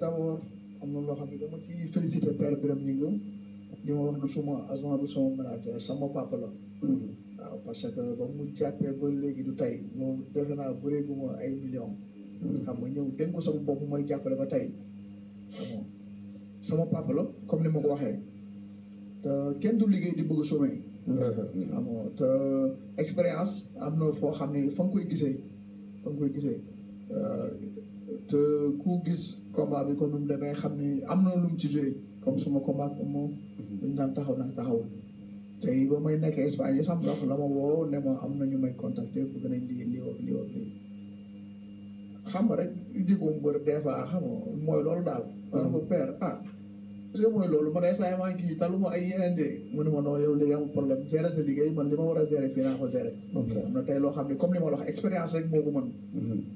d'abord am na loo xam ne dama ci félicité père Birame Gningue ñu ma wax na suma agent bi sama manager sama papa parce que ba mu jàppee ba léegi du tey moom defe naa bëree bu ma ay millions xam nga ñëw dénk ko sama bopp mooy jàppale ba tey sama papa la comme ni ma ko waxee te kenn du liggéey di bëgg a somé xam nga te expérience am na foo xam ne fa nga koy gisee fa nga gisee Euh, te ku gis combat bi ko nu mu demee xam ni am na lu mu ci jógee comme suma combat moom luñ daan taxaw ndax taxawul tey ba may nekk Espagne sam dox la ma woo ne ma am na ñu may contacter pour gën a lii lii woon lii woon lii xam nga rek diggu mbër des fois xam mooy loolu daal. wala ko père ah. Terus mo lolo mo na kita lo mo ayan de mo mo no yo yang problem zero man lima orang dari fina ko zero na tay lo xamne comme li mo wax experience rek moko man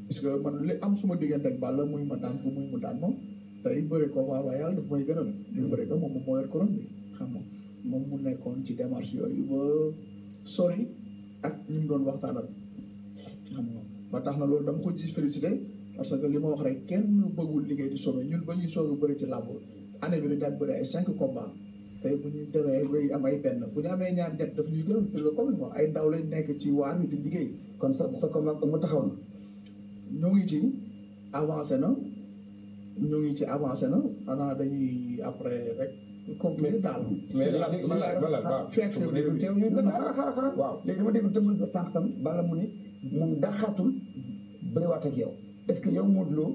parce que man li am suma digante ak balla muy ma daan muy mu daan mom tay beure ko wa wa yalla moy gënal li beure ko mo yor ko ron bi xam mom mu nekkon ci démarche yoyu ba ak doon waxtaanal xam ba tax na dama ko parce que li wax di somme ñun ba ñuy année bi lu daan bëri ay cinq combats tey bu ñu demee bay am ay benn bu ñu amee ñaar ñett daf ñuy gën te comme ay ndaw lañ nekk ci waar wi di liggéey. kon sa sa combat mu taxaw na. ñoo ngi ci avancé na ñoo ngi ci avancé na xanaa dañuy après rek. compléter daal. mais léegi ma laaj ma laaj waaw. fekk bu dee teew ñu dana xaaral xaaral léegi dama dégg tëmbal sa sànq tam bala mu ne moom daxaatul bëriwaat ak yow est-ce que yow Modou Lo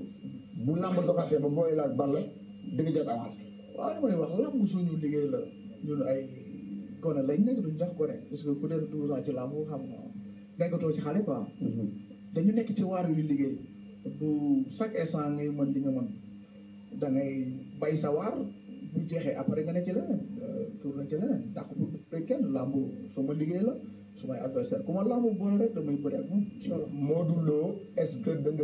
bu làmb doxatee ba booy laaj Balla di nga jot avance bi waaw li may wax lamb suñu liggéey la ñun ay gone lañ nekk duñ jax gone parce que ku def douze ans ci lamb xam nga too ci xale quoi mhm. dañu nekk ci waar yu liggéey bu chaque instant ngay mën di nga mën da ngay bay sa waar bu jeexee après nga ne ci leneen euh, tourné ci leneen dàq bu rek kenn lamb sama liggéey la su may adversaire ku ma lamb boole rek damay bëri ak moom incha allah est-ce que